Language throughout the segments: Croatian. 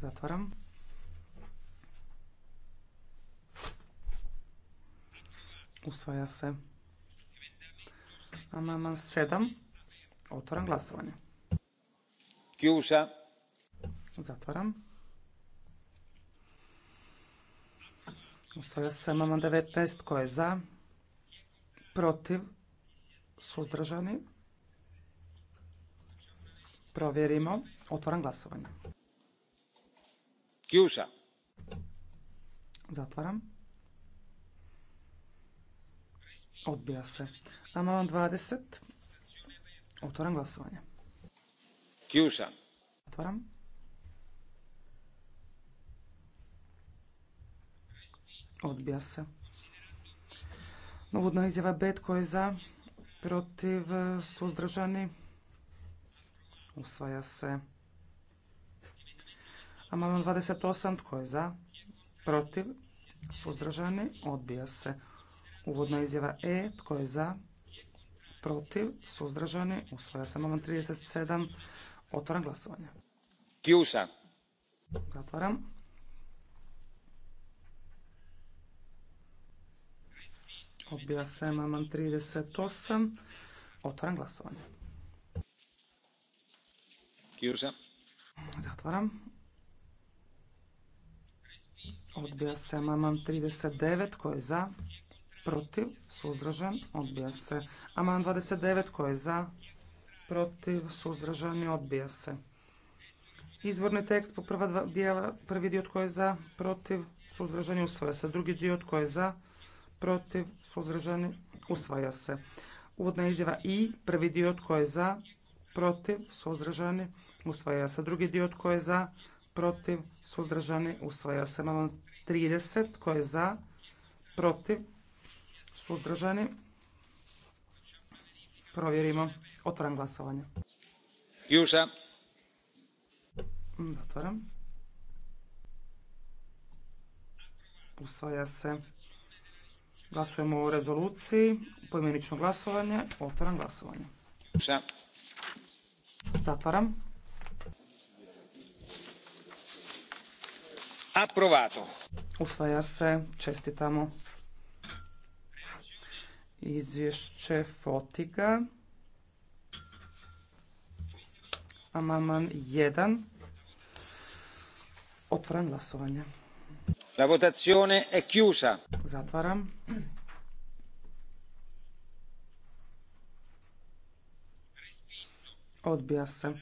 Zatvaram. Usvaja se. Amaman 7. Otvaram glasovanje. Kjuša. Zatvaram. Usvaja se amandman 19. Tko je za? Protiv? Suzdržani? Provjerimo. Otvaram glasovanje. Kjuša. Zatvaram. Odbija se. Amalan 20. Otvaram glasovanje. Kjuša. Otvaram. Odbija se. Novodna izjava Betko je za? Protiv? Suzdržani? Usvaja se. Amandman 28. Tko je za? Protiv? Suzdržani? Odbija se. Uvodna izjava E. Tko je za? Protiv? Suzdržani? Usvaja se. Amandman 37. Otvaram glasovanje. Kjusa. Zatvaram. Odbija se amandman 38. Otvaram glasovanje. Zatvaram. Odbija se amandman 39. Tko je za? Protiv? Suzdržan? Odbija se. Amandman 29. Tko je za? Protiv? suzdržani, Odbija se. Izvorni tekst po prva dva dijela. Prvi dio tko je za? Protiv? suzdržani, Usvaja se. Drugi dio tko je za? Protiv? suzdržani, Usvaja se. Uvodna izjava i. Prvi dio tko je za? Protiv? suzdržani usvaja se. Drugi dio tko je za, protiv, suzdržani, usvaja se. Imamo 30 tko je za, protiv, suzdržani. Provjerimo. Otvaram glasovanje. Juža. Zatvaram. Mm, usvaja se. Glasujemo o rezoluciji. Pojmenično glasovanje. Otvaram glasovanje. Zatvaram. Approvato. Usvaja se. Čestitamo. Izvješće Fotiga. Amaman 1. Otvaram glasovanje. La votazione è chiusa. Zatvaram. Odbija se.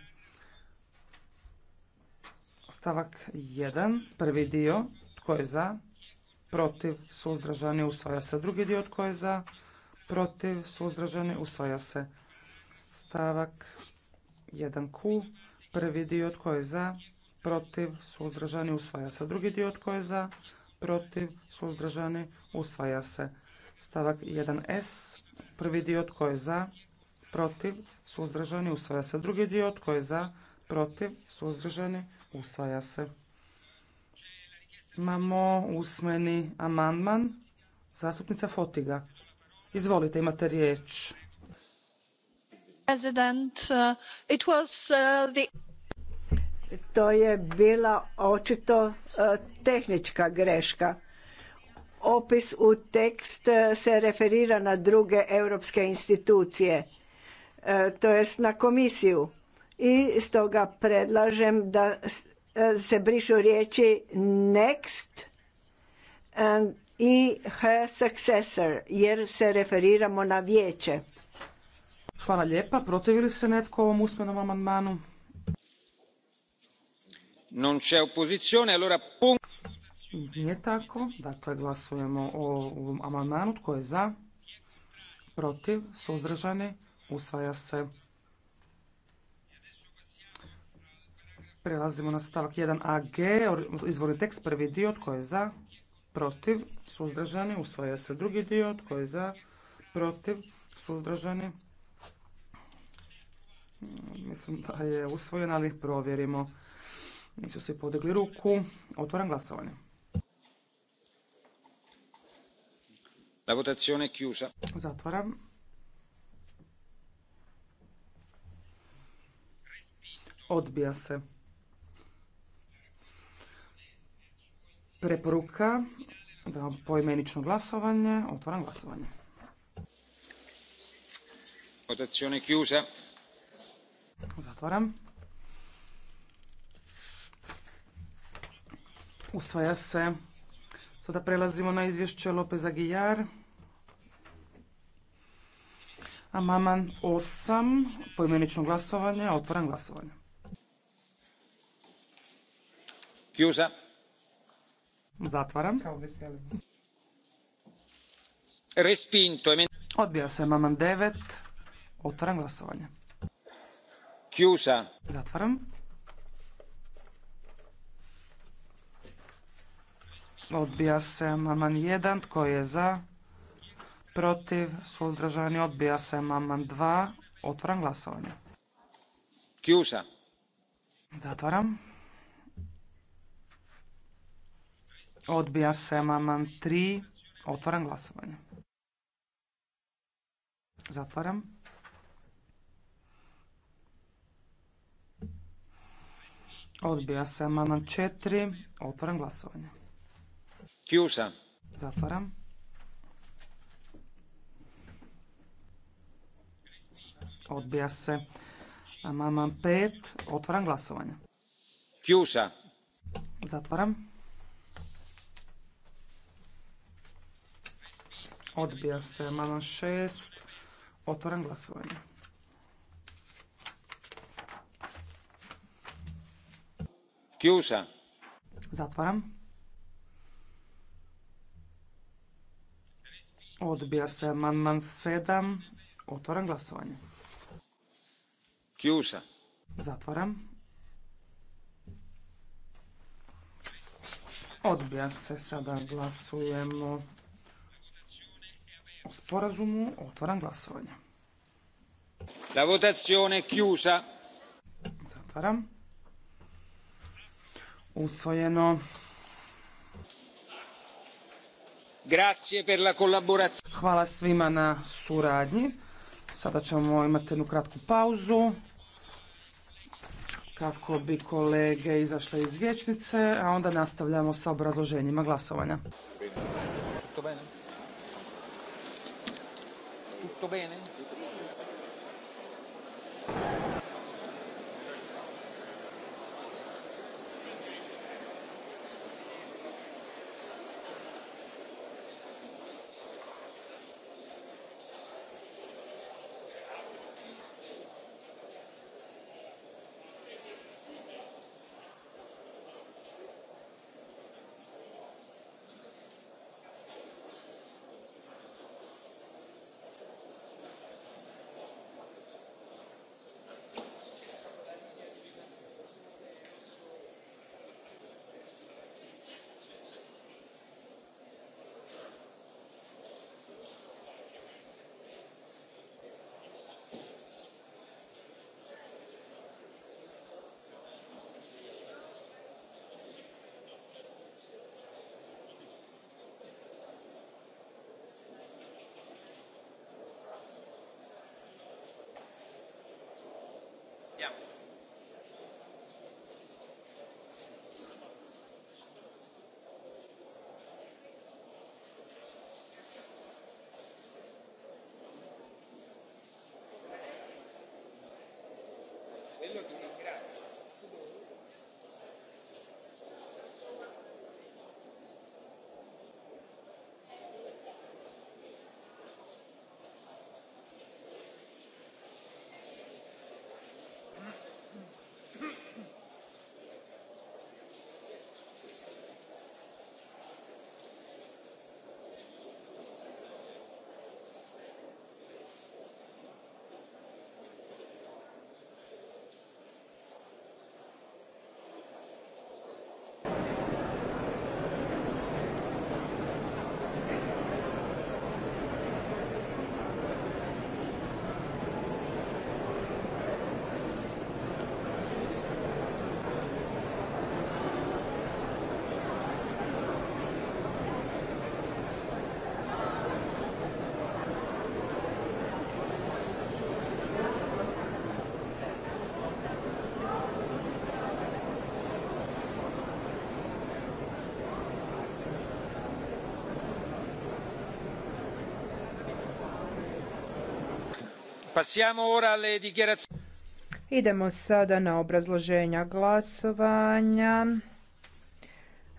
Stavak 1. Prvi dio. Tko je za? Protiv. Suzdržani. Usvaja se. Drugi dio. Tko je za? Protiv. Suzdržani. Usvaja se. Stavak 1Q. Prvi dio. Tko je za? Protiv. Suzdržani. Usvaja se. Drugi dio. Tko je za? Protiv. Suzdržani. Usvaja se. Stavak 1S. Prvi dio. Tko je za? Protiv. Suzdržani. Usvaja se. Drugi dio. Tko je za? Protiv. Suzdržani usvaja se. Imamo usmeni amandman. Zastupnica Fotiga. Izvolite, imate riječ. Uh, uh, to je bila očito uh, tehnička greška. Opis u tekst se referira na druge europske institucije, to jest na komisiju i stoga predlažem da e, se brišu riječi next and e, i her successor jer se referiramo na vijeće. Hvala lijepa. Protivi li se netko ovom usmenom amandmanu? Non c'è opposizione, allora Nije tako. Dakle, glasujemo o amandmanu. Tko je za? Protiv? Suzdržani? Usvaja se. Prelazimo na stavak 1AG, izvorni tekst, prvi dio, tko je za, protiv, suzdržani, usvaja se drugi dio, tko je za, protiv, suzdržani. Mislim da je usvojen, ali provjerimo. Nisu svi podigli ruku. Otvaram glasovanje. La votazione è chiusa. Zatvaram. Odbija se. preporuka da poimenično glasovanje. Otvaram glasovanje. Votazione chiusa. Zatvaram. Usvaja se. Sada prelazimo na izvješće Lopez Aguilar. Amaman 8, poimenično glasovanje, Otvaram glasovanje. Chiusa. Zatvaram. Odbija se amandman devet. Otvaram glasovanje. Zatvaram. Odbija se amandman 1. Tko je za? Protiv? Suzdržani? Odbija se amandman dva. Otvaram glasovanje. Chiusa. Zatvaram. Odbija se amandman 3. Otvaram glasovanje. Zatvaram. Odbija se amandman 4. Otvaram glasovanje. Kjuša. Zatvaram. Odbija se amandman 5. Otvaram glasovanje. Kjuša. Zatvaram. Odbija se amandman 6. Otvaram glasovanje. Kjuša. Zatvaram. Odbija se amandman 7. Otvaram glasovanje. Kjuša. Zatvaram. Odbija se. Sada glasujemo sporazumu. Otvaram glasovanje. La votazione chiusa. Zatvaram. Usvojeno. Grazie per la Hvala svima na suradnji. Sada ćemo imati jednu kratku pauzu kako bi kolege izašle iz vječnice, a onda nastavljamo sa obrazloženjima glasovanja fatto bene? Hvala Idemo sada na obrazloženja glasovanja.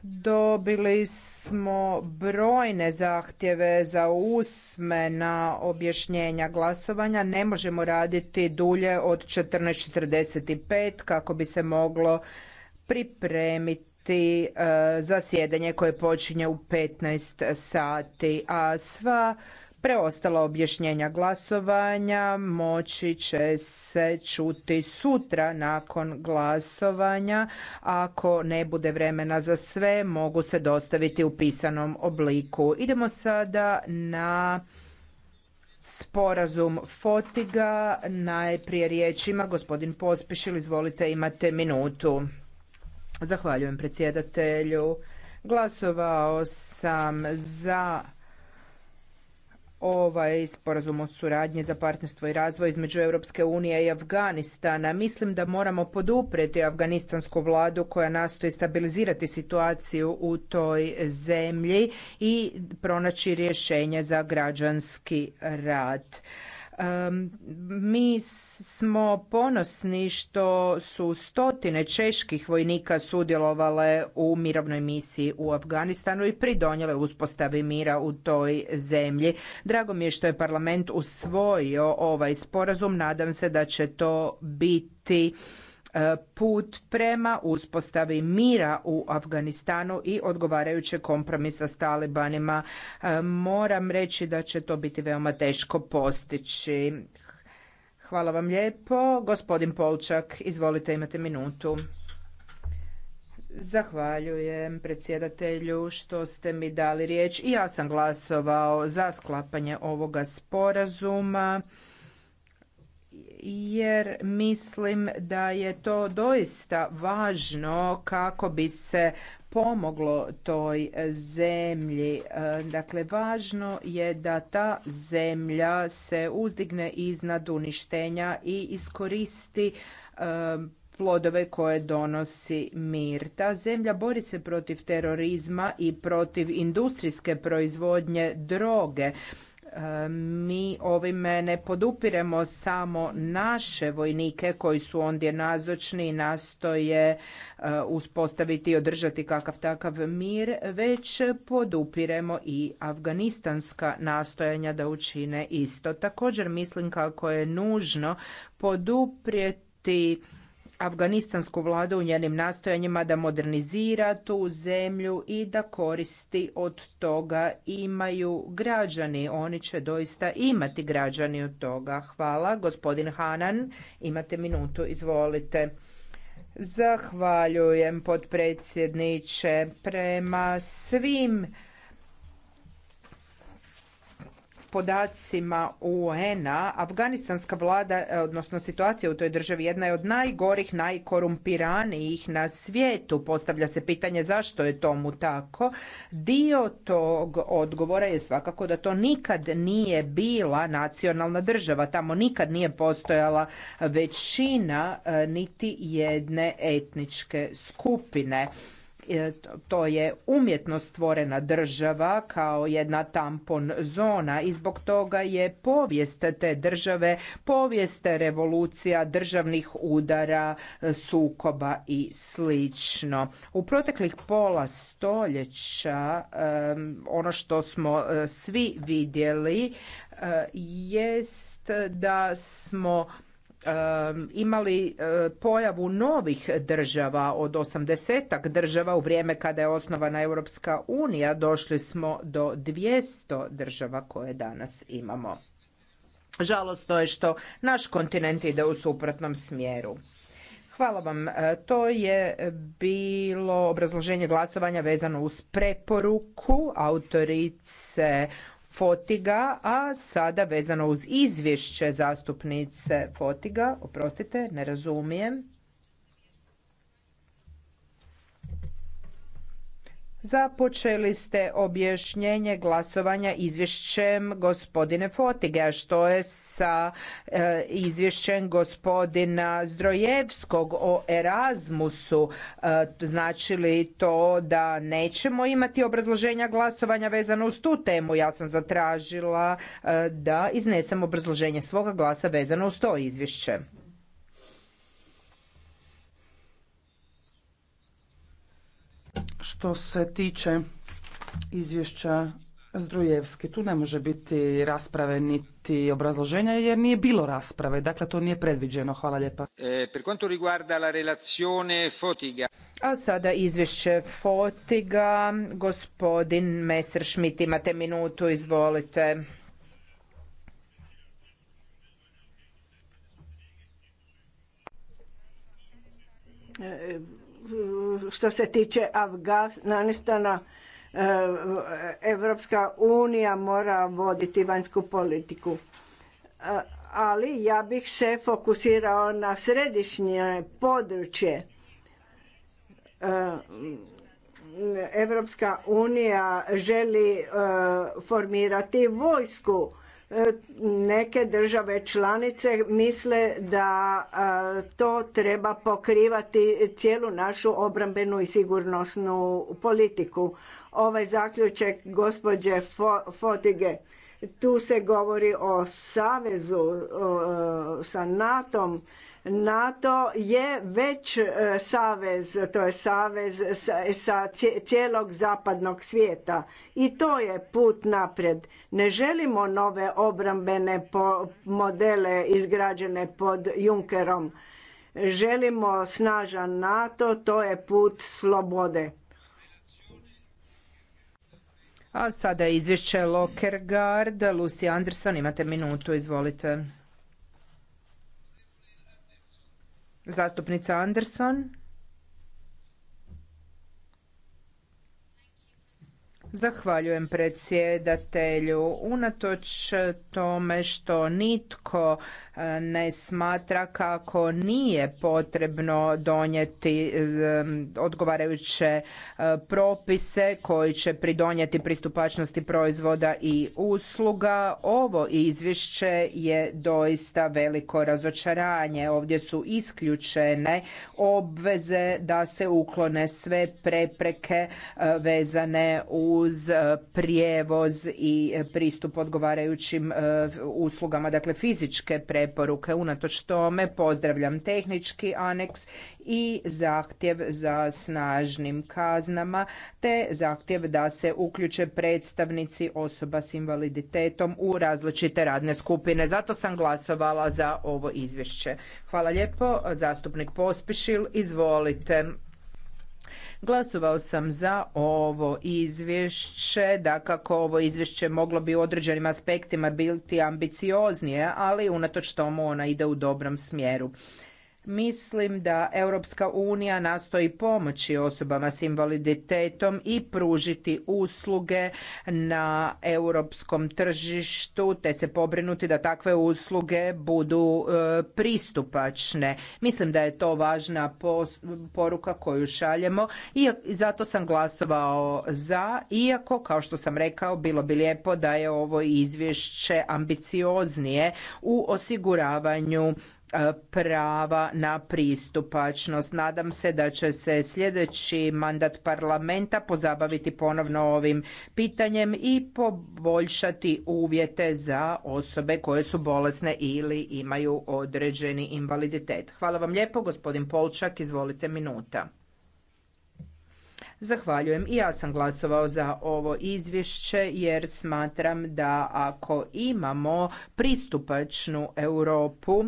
Dobili smo brojne zahtjeve za usmena objašnjenja glasovanja. Ne možemo raditi dulje od 14.45 kako bi se moglo pripremiti e, zasjedanje koje počinje u 15 sati. A sva Preostala objašnjenja glasovanja moći će se čuti sutra nakon glasovanja. Ako ne bude vremena za sve, mogu se dostaviti u pisanom obliku. Idemo sada na sporazum Fotiga. Najprije riječima gospodin Pospišil. Izvolite, imate minutu. Zahvaljujem predsjedatelju. Glasovao sam za ovaj sporazum o suradnji za partnerstvo i razvoj između Europske unije i Afganistana. Mislim da moramo poduprijeti afganistansku vladu koja nastoji stabilizirati situaciju u toj zemlji i pronaći rješenje za građanski rad. Mi smo ponosni što su stotine čeških vojnika sudjelovale u mirovnoj misiji u Afganistanu i pridonjele uspostavi mira u toj zemlji. Drago mi je što je parlament usvojio ovaj sporazum. Nadam se da će to biti E, put prema uspostavi mira u Afganistanu i odgovarajuće kompromisa s talibanima. E, moram reći da će to biti veoma teško postići. Hvala vam lijepo. Gospodin Polčak, izvolite, imate minutu. Zahvaljujem predsjedatelju što ste mi dali riječ i ja sam glasovao za sklapanje ovoga sporazuma jer mislim da je to doista važno kako bi se pomoglo toj zemlji. E, dakle, važno je da ta zemlja se uzdigne iznad uništenja i iskoristi e, plodove koje donosi mir. Ta zemlja bori se protiv terorizma i protiv industrijske proizvodnje droge mi ovime ne podupiremo samo naše vojnike koji su ondje nazočni i nastoje e, uspostaviti i održati kakav takav mir, već podupiremo i afganistanska nastojanja da učine isto. Također mislim kako je nužno poduprijeti afganistansku vladu u njenim nastojanjima da modernizira tu zemlju i da koristi od toga imaju građani. Oni će doista imati građani od toga. Hvala. Gospodin Hanan, imate minutu, izvolite. Zahvaljujem potpredsjedniče prema svim podacima UN-a, afganistanska vlada, e, odnosno situacija u toj državi jedna je od najgorih, najkorumpiranijih na svijetu. Postavlja se pitanje zašto je tomu tako. Dio tog odgovora je svakako da to nikad nije bila nacionalna država. Tamo nikad nije postojala većina e, niti jedne etničke skupine E, to je umjetno stvorena država kao jedna tampon zona i zbog toga je povijest te države povijest revolucija, državnih udara, sukoba i slično. U proteklih pola stoljeća e, ono što smo e, svi vidjeli jest da smo Um, imali uh, pojavu novih država od osamdesetak država u vrijeme kada je osnovana Europska unija došli smo do 200 država koje danas imamo. žalosno je što naš kontinent ide u suprotnom smjeru. Hvala vam. Uh, to je bilo obrazloženje glasovanja vezano uz preporuku autorice Fotiga, a sada vezano uz izvješće zastupnice Fotiga, oprostite, ne razumijem. Započeli ste objašnjenje glasovanja izvješćem gospodine Fotige, što je sa e, izvješćem gospodina Zdrojevskog o Erasmusu? E, znači li to da nećemo imati obrazloženja glasovanja vezano uz tu temu? Ja sam zatražila e, da iznesem obrazloženje svoga glasa vezano uz to izvješće. što se tiče izvješća Zdrujevski, tu ne može biti rasprave niti obrazloženja jer nije bilo rasprave, dakle to nije predviđeno. Hvala lijepa. E, per quanto riguarda la relazione Fotiga. A sada izvješće Fotiga, gospodin Messerschmidt, imate minutu, izvolite. E, što se tiče Afganistana, e, Evropska unija mora voditi vanjsku politiku. E, ali ja bih se fokusirao na središnje područje. E, Evropska unija želi formirati vojsku neke države članice misle da to treba pokrivati cijelu našu obrambenu i sigurnosnu politiku. Ovaj zaključak gospođe Fotige, tu se govori o savezu sa NATO-om, NATO je već e, savez, to je savez sa cijelog zapadnog svijeta i to je put naprijed. Ne želimo nove obrambene modele izgrađene pod Junkerom. Želimo snažan NATO, to je put slobode. A sada izvješće Lockergard. Lucy Anderson, imate minutu, izvolite. Zastupnica Anderson. Zahvaljujem predsjedatelju. Unatoč tome što nitko e, ne smatra kako nije potrebno donijeti e, odgovarajuće e, propise koji će pridonijeti pristupačnosti proizvoda i usluga, ovo izvješće je doista veliko razočaranje. Ovdje su isključene obveze da se uklone sve prepreke vezane u uz e, prijevoz i e, pristup odgovarajućim e, uslugama, dakle fizičke preporuke. Unatoč tome pozdravljam tehnički aneks i zahtjev za snažnim kaznama te zahtjev da se uključe predstavnici osoba s invaliditetom u različite radne skupine. Zato sam glasovala za ovo izvješće. Hvala lijepo. Zastupnik Pospišil, izvolite. Glasovao sam za ovo izvješće, da kako ovo izvješće moglo bi u određenim aspektima biti ambicioznije, ali unatoč tomu ona ide u dobrom smjeru. Mislim da Europska unija nastoji pomoći osobama s invaliditetom i pružiti usluge na europskom tržištu te se pobrinuti da takve usluge budu e, pristupačne. Mislim da je to važna poruka koju šaljemo i zato sam glasovao za, iako kao što sam rekao bilo bi lijepo da je ovo izvješće ambicioznije u osiguravanju E, prava na pristupačnost. Nadam se da će se sljedeći mandat parlamenta pozabaviti ponovno ovim pitanjem i poboljšati uvjete za osobe koje su bolesne ili imaju određeni invaliditet. Hvala vam lijepo, gospodin Polčak, izvolite minuta. Zahvaljujem. I ja sam glasovao za ovo izvješće jer smatram da ako imamo pristupačnu Europu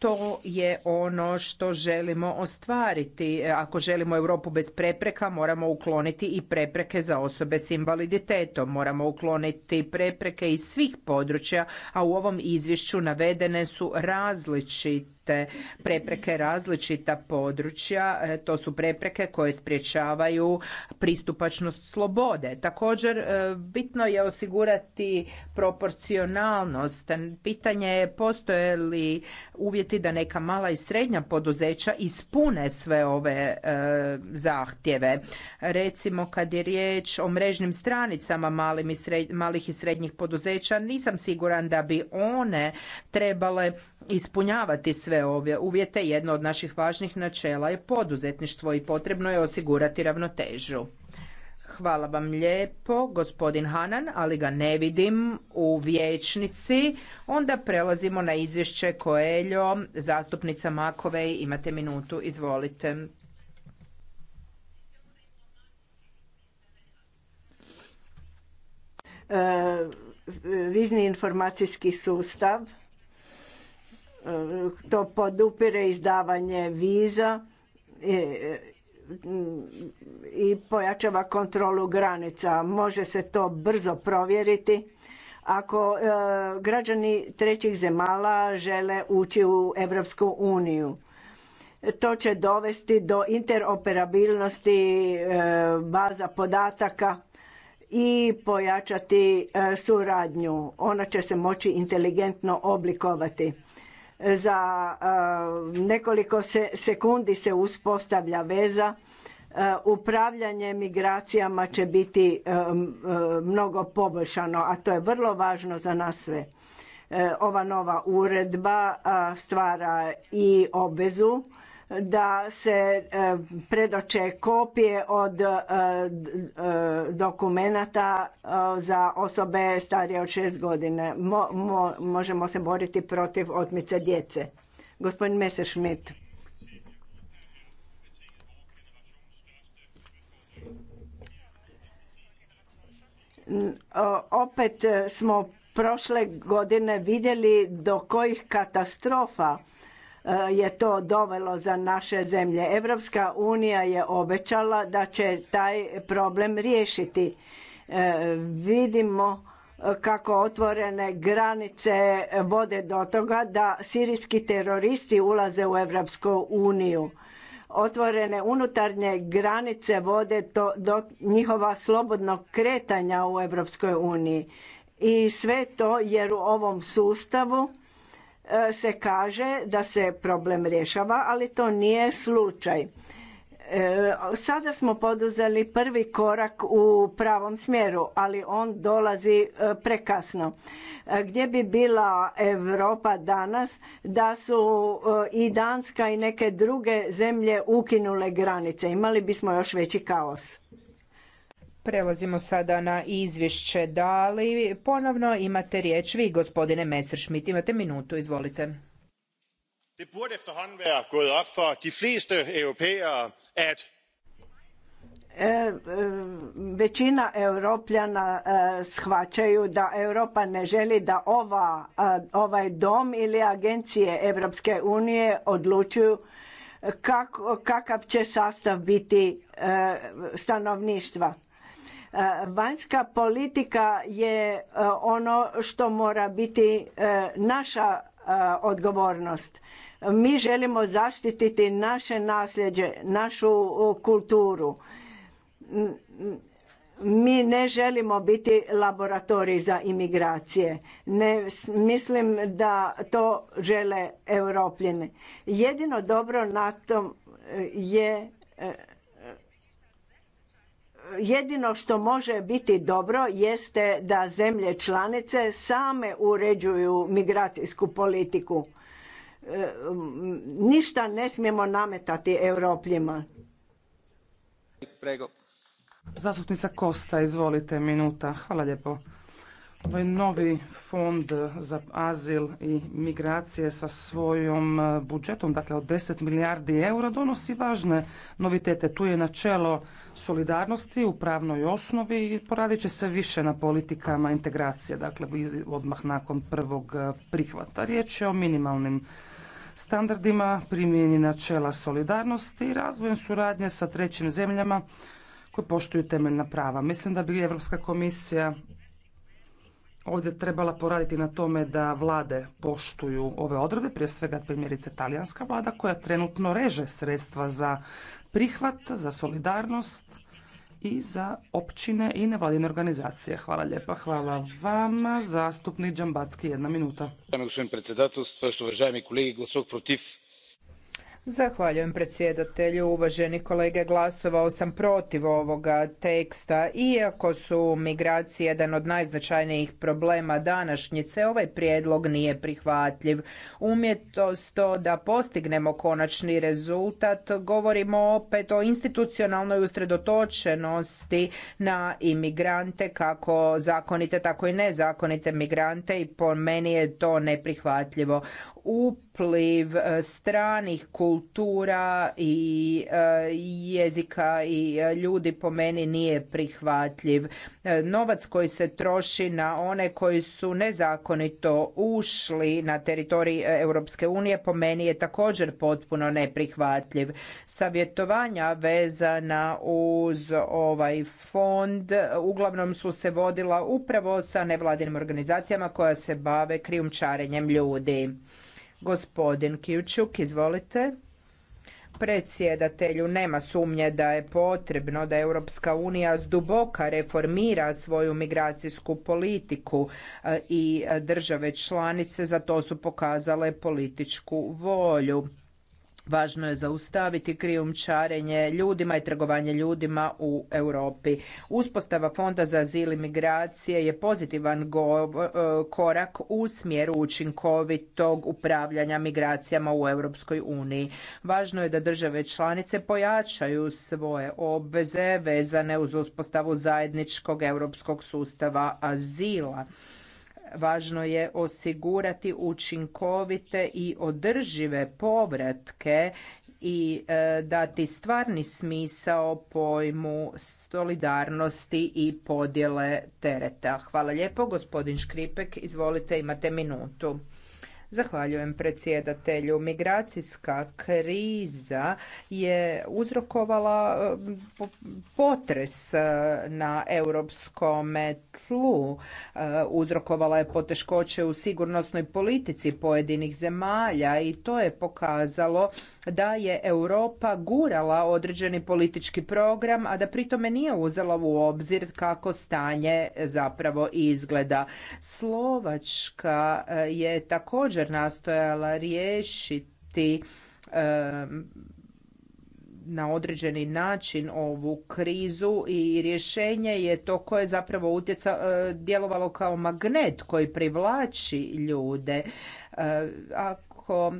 to je ono što želimo ostvariti. Ako želimo Europu bez prepreka, moramo ukloniti i prepreke za osobe s invaliditetom. Moramo ukloniti prepreke iz svih područja, a u ovom izvješću navedene su različite prepreke, različita područja. E, to su prepreke koje sprječavaju pristupačnost slobode. Također, e, bitno je osigurati proporcionalnost. Pitanje je postoje li uvjeti da neka mala i srednja poduzeća ispune sve ove e, zahtjeve. Recimo, kad je riječ o mrežnim stranicama i malih i srednjih poduzeća, nisam siguran da bi one trebale ispunjavati sve ove uvjete, jedno od naših važnih načela je poduzetništvo i potrebno je osigurati ravnotežu. Hvala vam lijepo, gospodin Hanan, ali ga ne vidim u vijećnici. Onda prelazimo na izvješće Koeljo, zastupnica Makove imate minutu, izvolite. E, vizni informacijski sustav to podupire izdavanje viza i pojačava kontrolu granica. Može se to brzo provjeriti. Ako e, građani trećih zemala žele ući u Europsku uniju, to će dovesti do interoperabilnosti e, baza podataka i pojačati e, suradnju. Ona će se moći inteligentno oblikovati za e, nekoliko sekundi se uspostavlja veza. E, upravljanje migracijama će biti e, mnogo poboljšano, a to je vrlo važno za nas sve. Ova nova uredba stvara i obvezu da se e, predoče kopije od e, e, dokumenata za osobe starije od šest godina. možemo se boriti protiv otmice djece. Gospodin Messerschmidt. Opet smo prošle godine vidjeli do kojih katastrofa Eh, je to dovelo za naše zemlje. Evropska unija je obećala da će taj problem riješiti. Eh, vidimo eh, kako otvorene granice vode do toga da sirijski teroristi ulaze u Evropsku uniju. Otvorene unutarnje granice vode do njihova slobodnog kretanja u Evropskoj uniji. I sve to jer u ovom sustavu se kaže da se problem rješava, ali to nije slučaj. E, sada smo poduzeli prvi korak u pravom smjeru, ali on dolazi e, prekasno. E, gdje bi bila Europa danas da su i Danska i neke druge zemlje ukinule granice? Imali bismo još veći kaos. Prelazimo sada na izvješće Dali. Ponovno imate riječ vi, gospodine Messerschmidt. Imate minutu, izvolite. većina europljana e, shvaćaju da Europa ne želi da e, ovaj dom ili agencije Europske unije odlučuju kakav će sastav biti e, stanovništva. E, vanjska politika je e, ono što mora biti e, naša odgovornost. Mi želimo zaštititi naše nasljeđe, našu kulturu. Mi ne želimo biti laboratorij za imigracije. Ne mislim da to žele europljani Jedino dobro na tom je jedino što može biti dobro jeste da zemlje članice same uređuju migracijsku politiku. E, ništa ne smijemo nametati europljima. Zastupnica Kosta, izvolite, minuta. Hvala lijepo. Ovaj novi fond za azil i migracije sa svojom e, budžetom, dakle od 10 milijardi eura, donosi važne novitete. Tu je načelo solidarnosti u pravnoj osnovi i poradit će se više na politikama integracije, dakle odmah nakon prvog e, prihvata. Riječ je o minimalnim standardima, primjeni načela solidarnosti i razvojem suradnje sa trećim zemljama koje poštuju temeljna prava. Mislim da bi Europska komisija ovdje trebala poraditi na tome da vlade poštuju ove odredbe, prije svega primjerice talijanska vlada koja trenutno reže sredstva za prihvat, za solidarnost i za općine i nevladine organizacije. Hvala lijepa. Hvala vama. Zastupnik Đambacki, jedna minuta. Gospodine predsjedatelj, kolegi, protiv Zahvaljujem predsjedatelju. Uvaženi kolege, glasovao sam protiv ovoga teksta. Iako su migracije jedan od najznačajnijih problema današnjice, ovaj prijedlog nije prihvatljiv. Umjetost da postignemo konačni rezultat, govorimo opet o institucionalnoj usredotočenosti na imigrante, kako zakonite, tako i nezakonite migrante i po meni je to neprihvatljivo upliv e, stranih kultura i e, jezika i e, ljudi po meni nije prihvatljiv. Novac koji se troši na one koji su nezakonito ušli na teritorij Europske unije po meni je također potpuno neprihvatljiv. Savjetovanja vezana uz ovaj fond uglavnom su se vodila upravo sa nevladinim organizacijama koja se bave krijumčarenjem ljudi. Gospodin Kijučuk, izvolite. Predsjedatelju nema sumnje da je potrebno da Europska unija zduboka reformira svoju migracijsku politiku e, i države članice za to su pokazale političku volju Važno je zaustaviti krijumčarenje ljudima i trgovanje ljudima u Europi. Uspostava Fonda za azil i migracije je pozitivan e, korak u smjeru učinkovitog upravljanja migracijama u Europskoj uniji. Važno je da države članice pojačaju svoje obveze vezane uz uspostavu zajedničkog europskog sustava azila. Važno je osigurati učinkovite i održive povratke i e, dati stvarni smisao pojmu solidarnosti i podjele tereta. Hvala lijepo. Gospodin Škripek, izvolite, imate minutu. Zahvaljujem predsjedatelju. Migracijska kriza je uzrokovala eh, potres eh, na europskom tlu. Eh, uzrokovala je poteškoće u sigurnosnoj politici pojedinih zemalja i to je pokazalo da je Europa gurala određeni politički program, a da pritome nije uzela u obzir kako stanje zapravo izgleda. Slovačka eh, je također nastojala riješiti na određeni način ovu krizu i rješenje je to koje zapravo utjeca, eh, djelovalo kao magnet koji privlači ljude. Eh, ako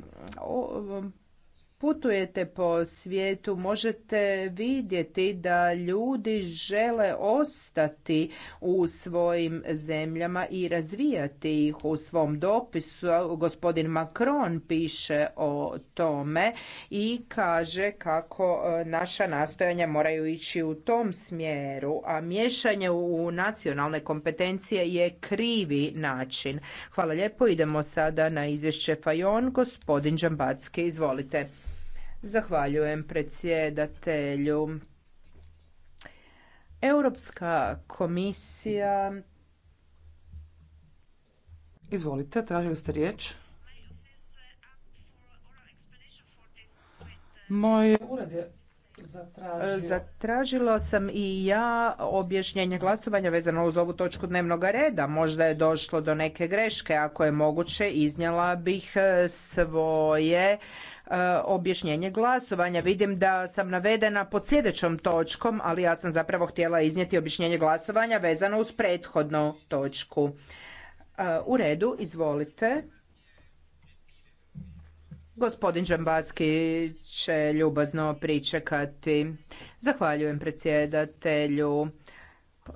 putujete po svijetu možete vidjeti da ljudi žele ostati u svojim zemljama i razvijati ih u svom dopisu. Gospodin Macron piše o tome i kaže kako e, naša nastojanja moraju ići u tom smjeru, a miješanje u nacionalne kompetencije je krivi način. Hvala lijepo, idemo sada na izvješće Fajon. Gospodin Džambacki izvolite. Zahvaljujem predsjedatelju. Europska komisija... Izvolite, tražili ste riječ. Moj ured je zatražio. Zatražila sam i ja objašnjenje glasovanja vezano uz ovu točku dnevnog reda. Možda je došlo do neke greške. Ako je moguće, iznijela bih eh, svoje E, objašnjenje glasovanja. Vidim da sam navedena pod sljedećom točkom, ali ja sam zapravo htjela iznijeti objašnjenje glasovanja vezano uz prethodnu točku. E, u redu, izvolite. Gospodin Žambaski će ljubazno pričekati. Zahvaljujem predsjedatelju.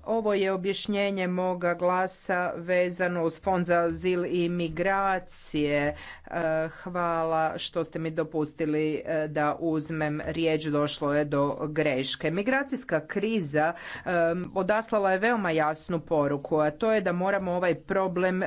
Ovo je objašnjenje moga glasa vezano uz Fond za azil i migracije. E, hvala što ste mi dopustili e, da uzmem riječ, došlo je do greške. Migracijska kriza e, odaslala je veoma jasnu poruku, a to je da moramo ovaj problem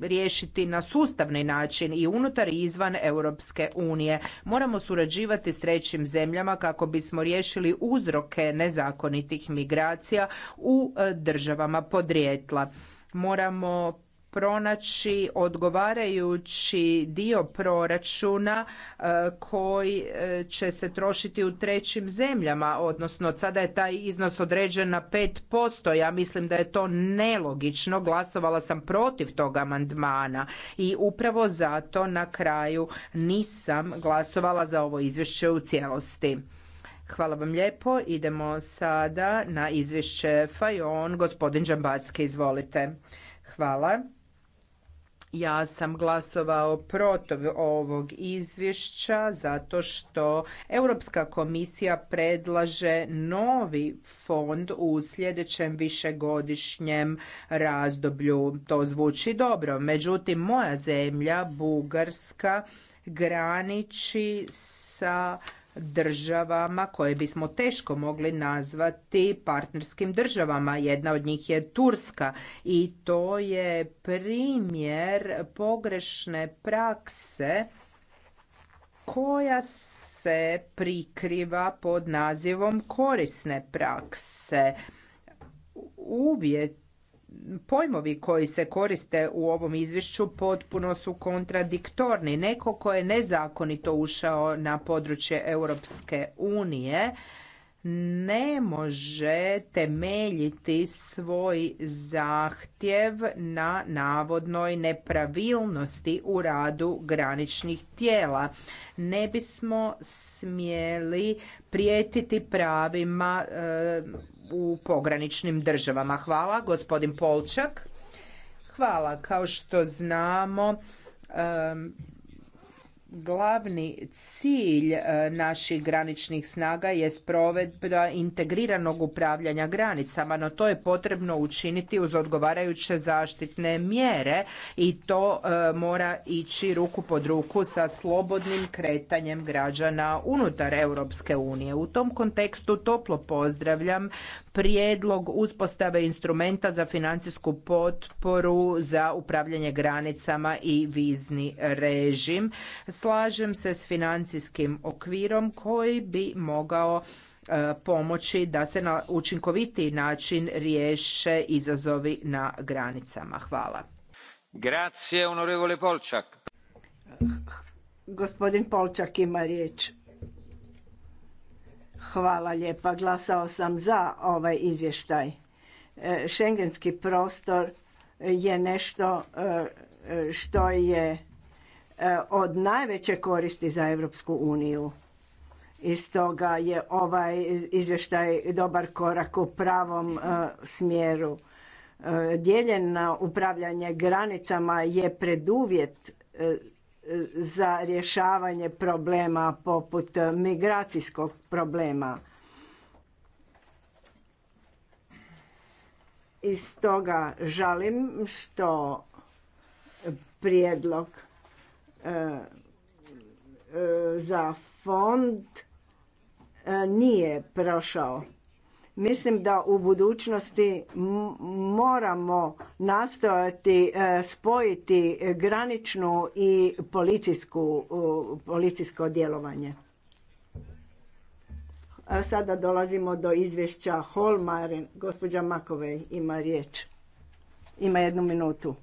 riješiti na sustavni način i unutar i izvan Europske unije. Moramo surađivati s trećim zemljama kako bismo riješili uzroke nezakonitih migracija u e, državama podrijetla. Moramo pronaći odgovarajući dio proračuna e, koji e, će se trošiti u trećim zemljama, odnosno sada je taj iznos određen na 5%. Ja mislim da je to nelogično, glasovala sam protiv tog amandmana i upravo zato na kraju nisam glasovala za ovo izvješće u cijelosti. Hvala vam lijepo. Idemo sada na izvješće Fajon. Gospodin Đambacki, izvolite. Hvala ja sam glasovao protiv ovog izvješća zato što Europska komisija predlaže novi fond u sljedećem višegodišnjem razdoblju. To zvuči dobro, međutim moja zemlja Bugarska graniči sa državama koje bismo teško mogli nazvati partnerskim državama. Jedna od njih je Turska i to je primjer pogrešne prakse koja se prikriva pod nazivom korisne prakse. Uvjet pojmovi koji se koriste u ovom izvješću potpuno su kontradiktorni. Neko ko je nezakonito ušao na područje Europske unije ne može temeljiti svoj zahtjev na navodnoj nepravilnosti u radu graničnih tijela. Ne bismo smjeli prijetiti pravima e, u pograničnim državama. Hvala, gospodin Polčak. Hvala, kao što znamo, glavni cilj e, naših graničnih snaga jest provedba integriranog upravljanja granicama, no to je potrebno učiniti uz odgovarajuće zaštitne mjere i to e, mora ići ruku pod ruku sa slobodnim kretanjem građana unutar Europske unije. U tom kontekstu toplo pozdravljam prijedlog uspostave instrumenta za financijsku potporu za upravljanje granicama i vizni režim. Slažem se s financijskim okvirom koji bi mogao e, pomoći da se na učinkovitiji način riješe izazovi na granicama. Hvala. Gospodin Polčak ima riječ. Hvala lijepa. Glasao sam za ovaj izvještaj. E, Schengenski prostor je nešto e, što je e, od najveće koristi za Europsku uniju. I stoga je ovaj izvještaj dobar korak u pravom smjeru. Dijeljeno upravljanje granicama je preduvjet za rješavanje problema poput migracijskog problema. I stoga žalim što prijedlog e, e, za fond e, nije prošao Mislim da u budućnosti moramo nastojati e, spojiti graničnu i policijsku, policijsko djelovanje. Sada dolazimo do izvješća Holmaren. Gospođa Makovej ima riječ. Ima jednu minutu.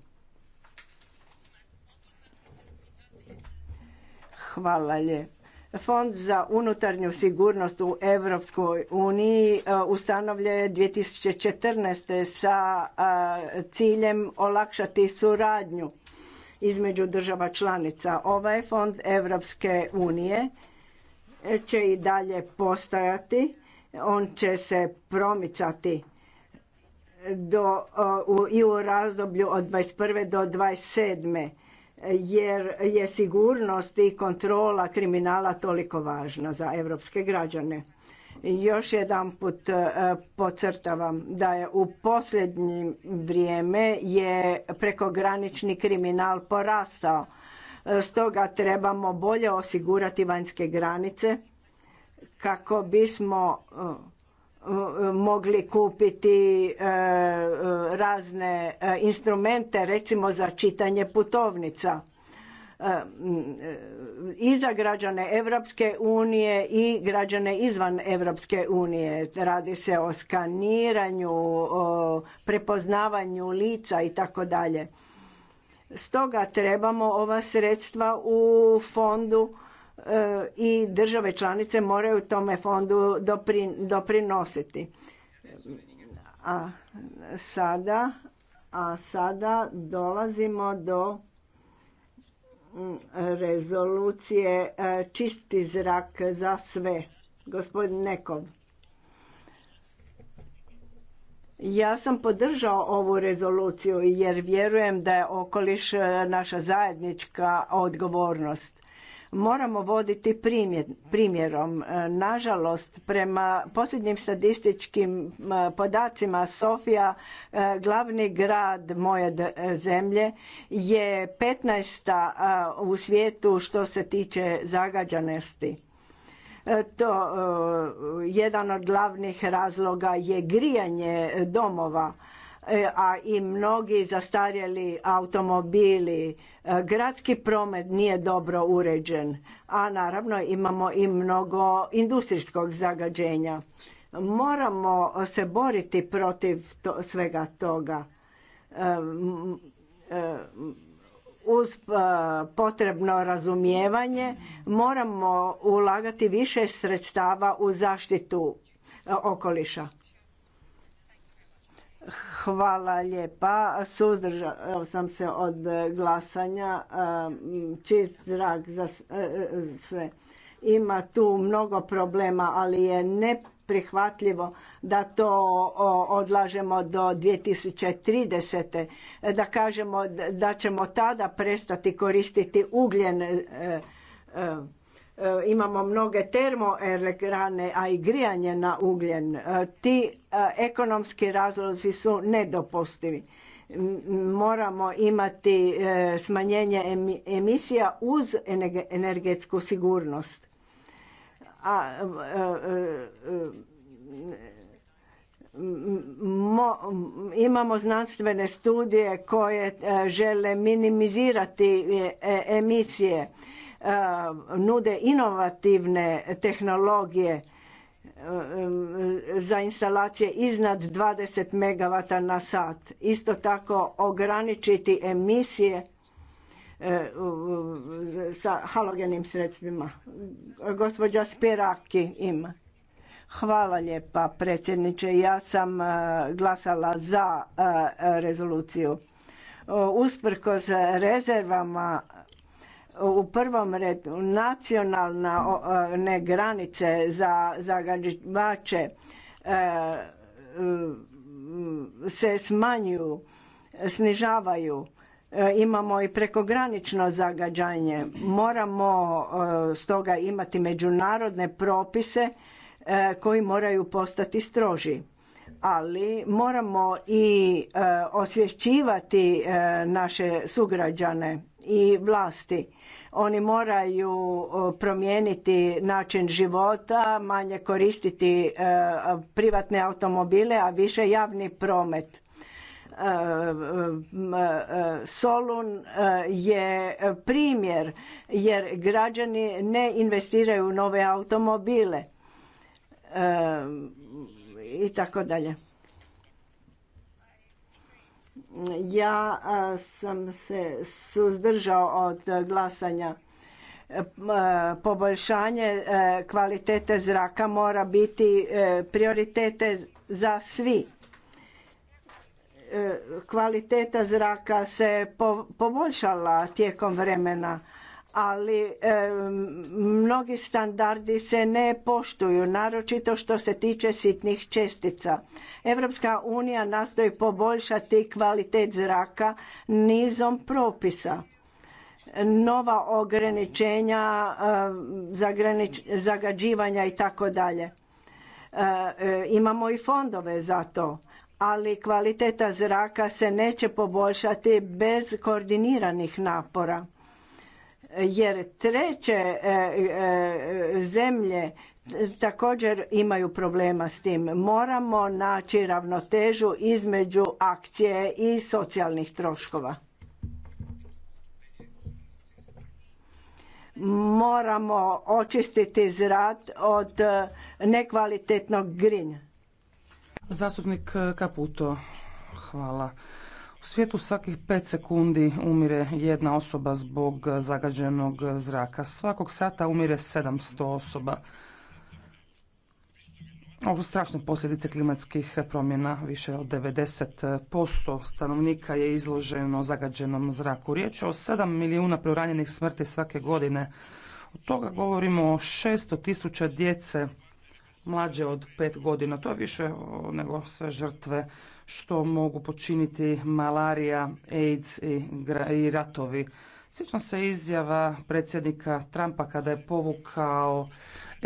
Hvala lijepo. Fond za unutarnju sigurnost u Europskoj uniji e, ustanovljen je 2014. sa e, ciljem olakšati suradnju između država članica. Ovaj fond Europske unije će i dalje postojati, on će se promicati e, i u razdoblju od 21. do 27 jer je sigurnost i kontrola kriminala toliko važna za europske građane. Još jedan put e, pocrtavam da je u posljednje vrijeme je prekogranični kriminal porastao. E, stoga trebamo bolje osigurati vanjske granice kako bismo e, mogli kupiti e, e, razne e, instrumente recimo za čitanje putovnica i za građane Evropske unije i građane izvan Evropske unije. Radi se o skaniranju, o prepoznavanju lica i tako dalje. Stoga trebamo ova sredstva u fondu E, i države članice moraju tome fondu doprinositi. A sada, a sada dolazimo do rezolucije e, čisti zrak za sve. Gospodin Nekov. Ja sam podržao ovu rezoluciju jer vjerujem da je okoliš e, naša zajednička odgovornost moramo voditi primjerom. E, nažalost, prema posljednjim statističkim e, podacima Sofija, e, glavni grad moje zemlje, je 15. u svijetu što se tiče zagađanosti. To jedan od glavnih razloga je grijanje domova E, a i mnogi zastarjeli automobili. E, gradski promet nije dobro uređen, a naravno imamo i mnogo industrijskog zagađenja. Moramo se boriti protiv to, svega toga. E, uz potrebno razumijevanje moramo ulagati više sredstava u zaštitu okoliša. Hvala lijepa. Suzdržao sam se od glasanja. E, čist zrak za e, e, sve. Ima tu mnogo problema, ali je neprihvatljivo da to odlažemo do 2030. Da kažemo da ćemo tada prestati koristiti ugljen Eh, imamo mnoge termoelektrane, a i grijanje na ugljen. Eh, ti eh, ekonomski razlozi su nedopustivi. Moramo imati smanjenje emisija uz energetsku sigurnost. A, imamo znanstvene studije koje žele minimizirati emisije Eh, nude inovativne tehnologije eh, za instalacije iznad 20 MW na sat. Isto tako ograničiti emisije eh, sa halogenim sredstvima. Gospođa Spiraki ima. Hvala lijepa predsjedniče. Ja sam glasala za rezoluciju. Usprkos rezervama u prvom redu nacionalne granice za zagađivače e, se smanjuju, snižavaju. E, imamo i prekogranično zagađanje. Moramo e, stoga imati međunarodne propise koji moraju postati stroži. Ali moramo i osvješćivati naše sugrađane i vlasti. Oni moraju promijeniti način života, manje koristiti e, privatne automobile, a više javni promet. E, e, Solun je primjer jer građani ne investiraju u nove automobile i tako dalje. Ja sam se suzdržao od glasanja. E, poboljšanje e, kvalitete zraka mora biti e, prioritete za svi. Kvaliteta zraka se poboljšala tijekom vremena ali mnogi standardi se ne poštuju, naročito što se tiče sitnih čestica. Europska unija nastoji poboljšati kvalitet zraka nizom propisa nova ograničenja zagađivanja i tako dalje. E, e, imamo i fondove za to, ali kvaliteta zraka se neće poboljšati bez koordiniranih napora jer treće e, e, zemlje također imaju problema s tim. Moramo naći ravnotežu između akcije i socijalnih troškova. Moramo očistiti zrad od nekvalitetnog grinja. Zastupnik Kaputo, hvala. U svijetu svakih pet sekundi umire jedna osoba zbog zagađenog zraka. Svakog sata umire 700 osoba. Ovo su strašne posljedice klimatskih promjena. Više od 90% stanovnika je izloženo zagađenom zraku. Riječ je o 7 milijuna preuranjenih smrti svake godine. Od toga govorimo o 600 tisuća djece mlađe od pet godina. To je više nego sve žrtve što mogu počiniti malarija, AIDS i ratovi. Sjećam se izjava predsjednika Trumpa kada je povukao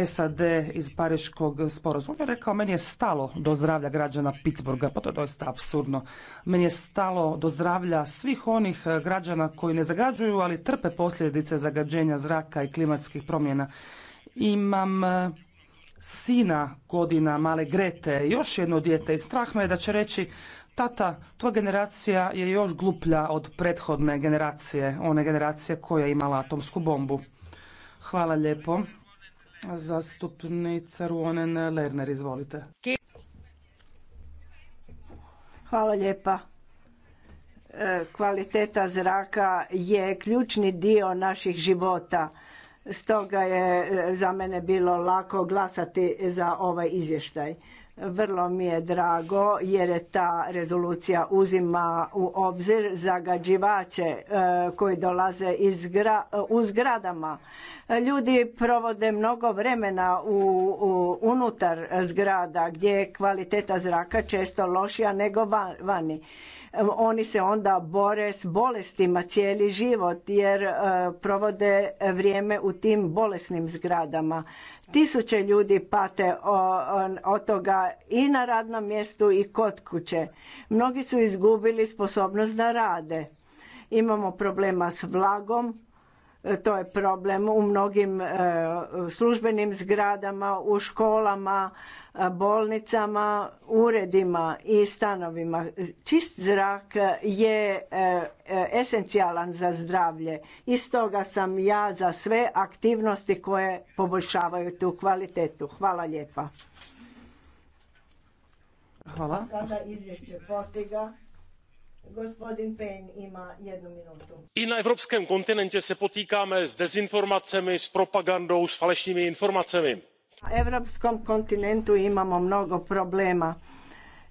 SAD iz Pariškog sporazuma. On je rekao, meni je stalo do zdravlja građana Pittsburgha. Pa to je doista absurdno. Meni je stalo do zdravlja svih onih e, građana koji ne zagađuju, ali trpe posljedice zagađenja zraka i klimatskih promjena. Imam e, sina godina male Grete, još jedno dijete i strah me je da će reći tata, tvoja generacija je još gluplja od prethodne generacije, one generacije koja je imala atomsku bombu. Hvala lijepo. Zastupnica Ruonen Lerner, izvolite. Hvala lijepa. E, kvaliteta zraka je ključni dio naših života Stoga je e, za mene bilo lako glasati za ovaj izvještaj. Vrlo mi je drago jer je ta rezolucija uzima u obzir zagađivače e, koji dolaze e, u zgradama. Ljudi provode mnogo vremena u, unutar zgrada gdje je kvaliteta zraka često lošija nego vani oni se onda bore s bolestima cijeli život jer e, provode vrijeme u tim bolesnim zgradama. Tisuće ljudi pate od toga i na radnom mjestu i kod kuće. Mnogi su izgubili sposobnost da rade. Imamo problema s vlagom, E, to je problem u mnogim e, službenim zgradama, u školama, e, bolnicama, uredima i stanovima. Čist zrak je esencijalan za zdravlje i stoga sam ja za sve aktivnosti koje poboljšavaju tu kvalitetu. Hvala lijepa. Hvala. Sada Gospodin Pejn ima jednu minutu. I na evropském kontinentě se potýkáme s dezinformacemi, s propagandou, s falešnými informacemi. Na evropskom kontinentu imamo mnogo problema.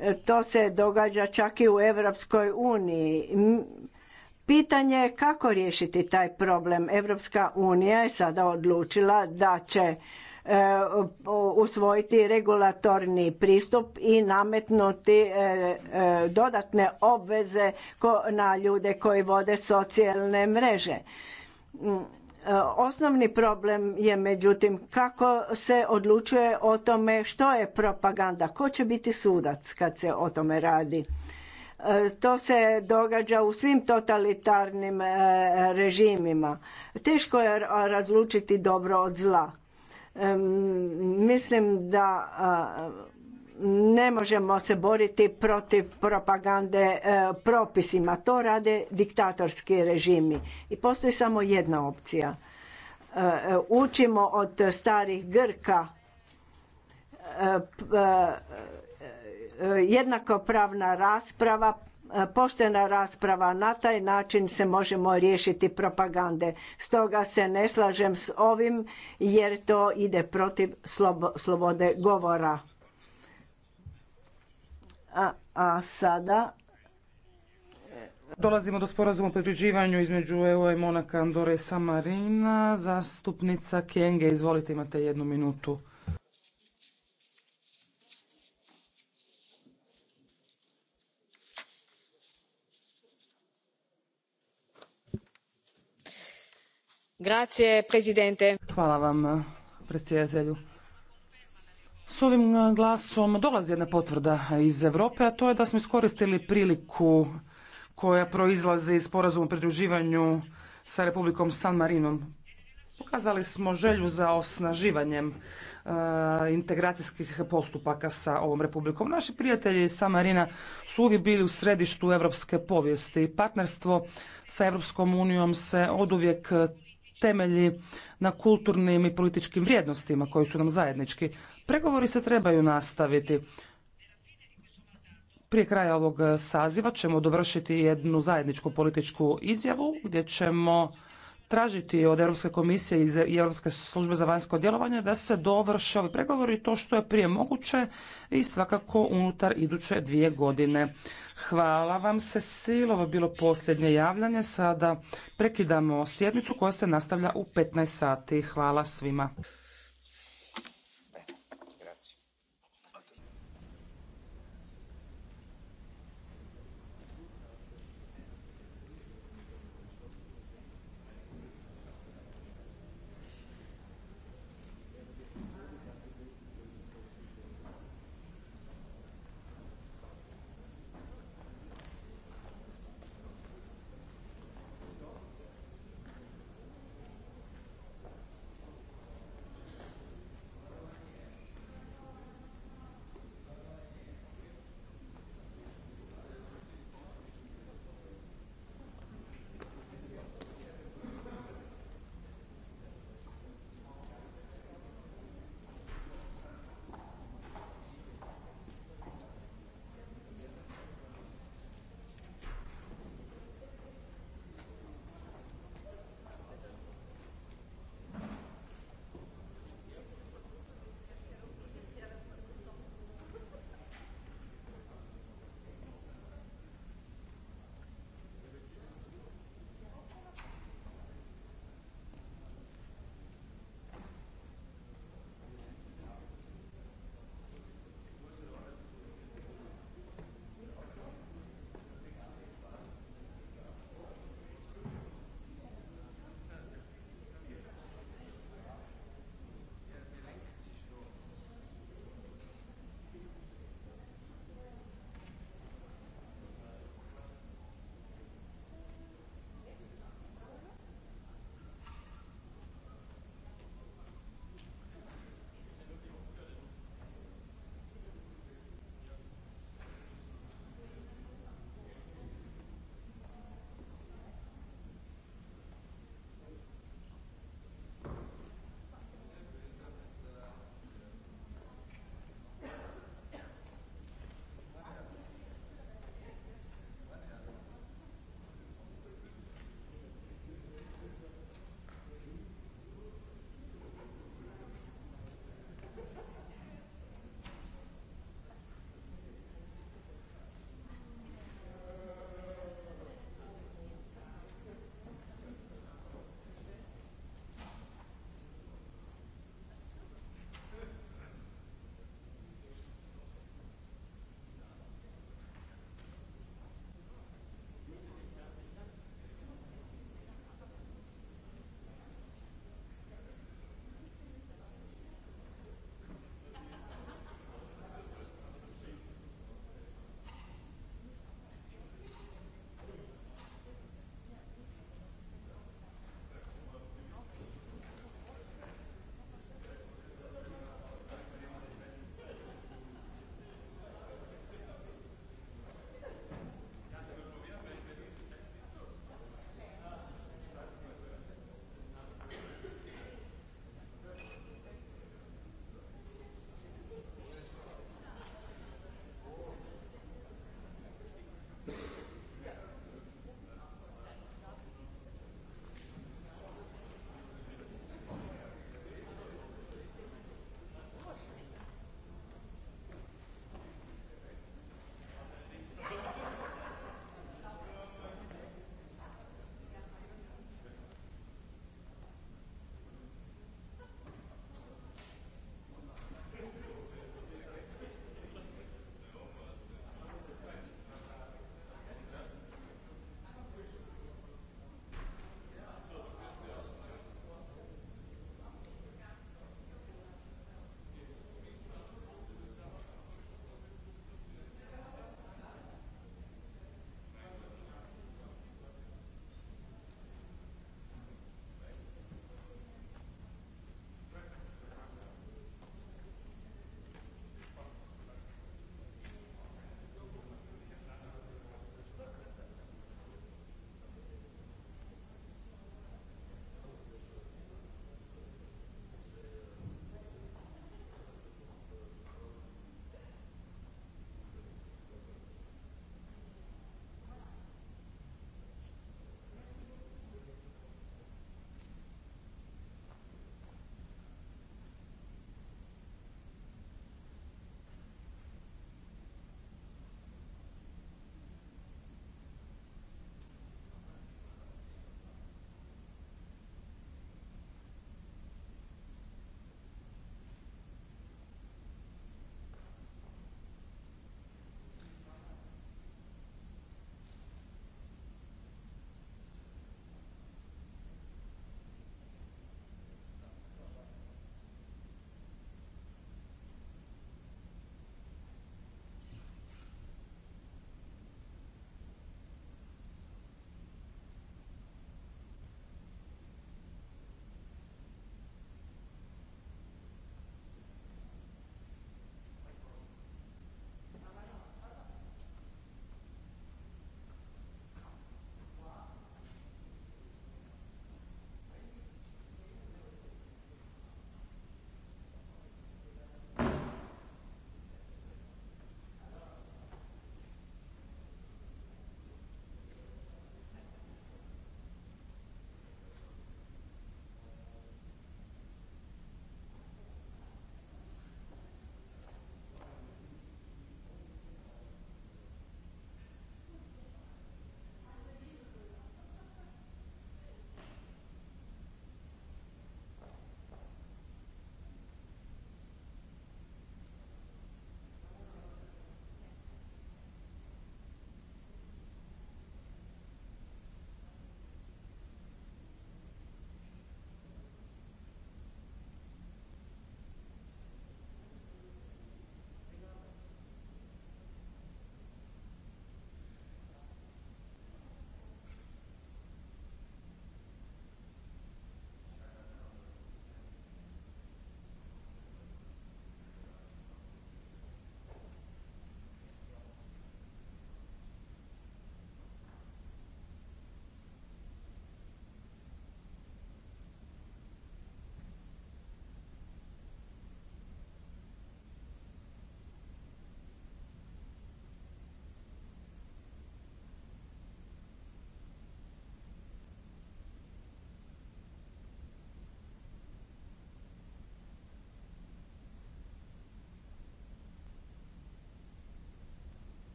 E, to se događa čak i u Evropskoj uniji. Pitanje je kako riješiti taj problem. Europska unija je sada odlučila da će E, usvojiti regulatorni pristup i nametnuti e, e, dodatne obveze na ljude koji vode socijalne mreže. Mm, osnovni problem je međutim kako se odlučuje o tome što je propaganda, ko će biti sudac kad se o tome radi. To se događa u svim totalitarnim režimima. Teško je razlučiti dobro od zla Mislim da ne možemo se boriti protiv propagande e, propisima. To rade diktatorski režimi. I postoji samo jedna opcija. E, e, učimo od starih Grka jednakopravna rasprava E, poštena rasprava na taj način se možemo riješiti propagande stoga se ne slažem s ovim jer to ide protiv slobode govora a, sada e, Dolazimo do sporazuma o potvrđivanju između EU i Monaka Andore Samarina. Zastupnica Kenge, izvolite, imate jednu minutu. Grazie, Hvala vam, predsjedatelju. S ovim e, glasom dolazi jedna potvrda iz Europe, a to je da smo iskoristili priliku koja proizlazi iz sporazuma o pridruživanju sa Republikom San Marinom. Pokazali smo želju za osnaživanjem e, integracijskih postupaka sa ovom republikom. Naši prijatelji iz San Marina su uvijek bili u središtu europske povijesti. Partnerstvo sa Europskom unijom se oduvijek temelji na kulturnim i političkim vrijednostima koji su nam zajednički. Pregovori se trebaju nastaviti. Prije kraja ovog saziva ćemo dovršiti jednu zajedničku političku izjavu gdje ćemo tražiti od Europske komisije i Europske službe za vanjsko djelovanje da se dovrše ovi pregovori to što je prije moguće i svakako unutar iduće dvije godine. Hvala vam se silovo bilo posljednje javljanje. Sada prekidamo sjednicu koja se nastavlja u 15 sati. Hvala svima.